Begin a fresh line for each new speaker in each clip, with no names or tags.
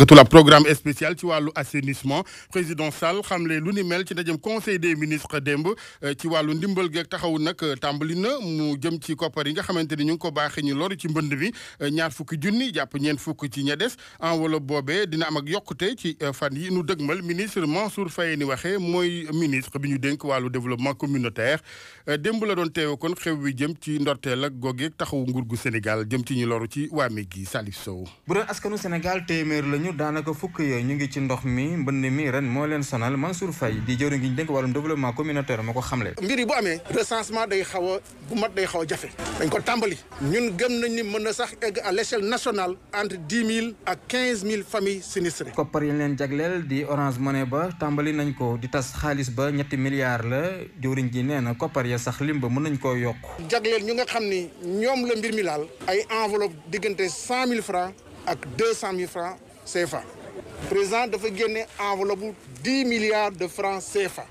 gëtula programme spécial ci wàllu assainissement président Sall xamle lu ni mel ci ndajem conseil des ministres démb euh, ci wàllu ndimbal geeg taxawu nag euh, tàmbali na mu jëm ci koppar yi nga xamante ni ñu ngi ko baaxee ñu loru ci mbënd bi euh, ñaar fukki junni jàpp ñeent fukk ci ña des enveloppe boobee dina am ak yokkute ci fan yi nu dëgmal ministre Mansour Faye ni waxee mooy ministre bi ñu dénk wàllu développement communautaire démb la doon teewe kon xew wi jëm ci ndorteel ak googeeg taxawu nguur gu Sénégal jëm ci ñu ci waa mi gi Salif Sow
ñooñu daanaka fukk yooyu ñu ngi ci ndox mi mbënd mi ren moo leen sonal Mansour Faye di jëwriñ gi ñu dénk développement communautaire moo ko xamle.
mbir yi bu amee recensement day xaw a bu mat day xaw a jafe dañ ko tàmbali ñun gëm nañ ni mën na sax egg à l' nationale entre
dix mille ak quinze mille familles sinistrées. koppar yi leen jagleel di Orange Money ba tàmbali nañ ko di tas xaalis ba ñetti milliards la jëwriñ gi nee koppar ya sax lim mën nañ
CFA. président dafa génne enveloppe bu dix de francs CFA.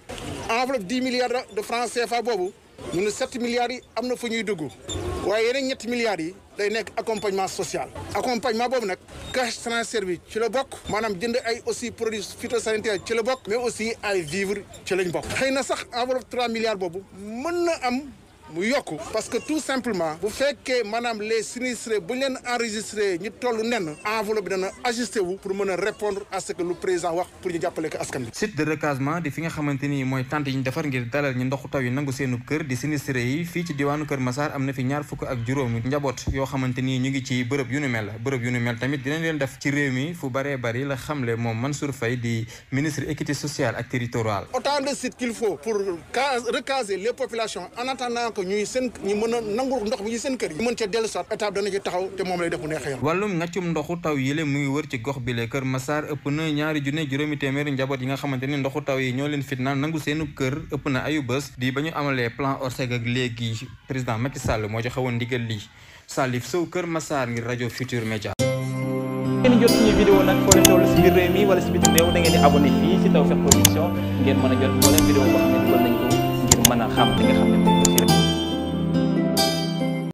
enveloppe dix milliards de francs CFA boobu. mu ne sept milliards yi am na fu ñuy dugg. waaye yeneen ñetti milliards yi. day nekk accompagnement social. accompagnement boobu nag. cash transfert bi ci la bokk. maanaam jënd ay aussi produits phytosanitaires ci la bokk. mais aussi ay vivres ci lañ bokk. xëy na sax enveloppe trois milliards boobu mën na am. mu yokku parce que tout simplement bu fekkee maanaam les sinistrés bu leen enregistré ñu toll nen enveloppe dana ajusté wu pour mën a répondre à ce que le président wax pour ñu jàppale ko askan
di fi nga xamante ni mooy tente yi ñu defar ngir dalal ñu ndoxu taw nangu seenub kër di sinistré yi fii ci diwaanu Kër Massar am na fi ñaar fukk ak juróomi njaboot yoo xamante ni ñu ngi ci bërëb yu nu mel bërëb yu nu mel tamit dinañ leen def ci réew mi
que ñuy seen ñu mën a nangu ndox bi ci seen kër yi mën cee dellu saat te moom lay def mu neexee
yoon wàllum ngàccum ndoxu taw yi la mu ngi wër ci gox bi la kër Massar ëpp na ñaari junne juróomi téeméeri njaboot yi nga xamante ni ndoxu taw yi ñoo leen fitnaan nangu seenu kër ëpp na ayu bés di ba ñu amalee plan Orsec ak léegi président Macky Sall moo joxe woon ndigal lii Salif Sow kër Massar ngir rajo Futur Media ngeen jot suñu vidéo nag foo leen toll si biir réew mi wala si bitim réew a a